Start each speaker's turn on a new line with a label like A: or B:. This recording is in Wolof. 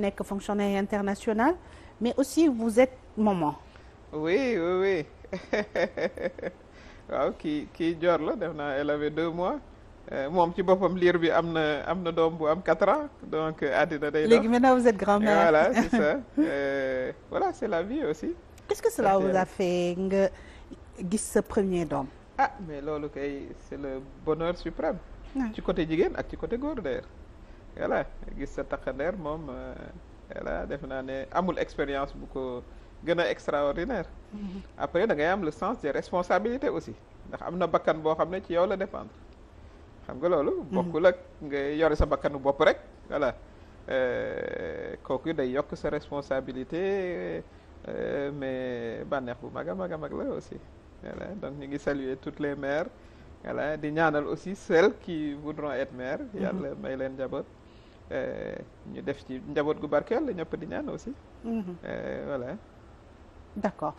A: nekk fonctionnaire international mais aussi vous êtes maman.
B: oui oui oui waaw kii kii Dior la def naa elle avait deux mois euh, moom ci boppam liir bi am na am na doom bu am quatre ans donc euh, àddina day. léegi
A: maintenant vous êtes grand-mère
B: euh, voilà c'est la vie aussi. qu'est-ce que cela vous a
A: fait nga gis sa premier doom.
B: ah mais loolu kay c'est le bonheur suprême. ci côté jigéen ak ci côté góor voilà gis sa taqadeer moom voilà euh, def naa ne amul expérience bu ko gën a extraordinaire mm-hmm. après da ngay am le sens des responsabilités aussi ndax am na bakkan boo xam ne ci yow la dépendre xam nga loolu mm-hmm. bokkul ak nga yore sa bakkanu bopp rek voilà euh, kooku day yokk sa responsabilité euh, mais bànneex bu mag a mag a mag la aussi voilà donc ñu ngi saluer toutes les mères voilà di ñaanal aussi celles qui voudront être mères. Mhm. yàlla may leen njaboot. Eh, ñu def ci njaboot gu barkeel la ñëpp di ñaan aussi. Mhm. Eh, voilà.
A: d'accord.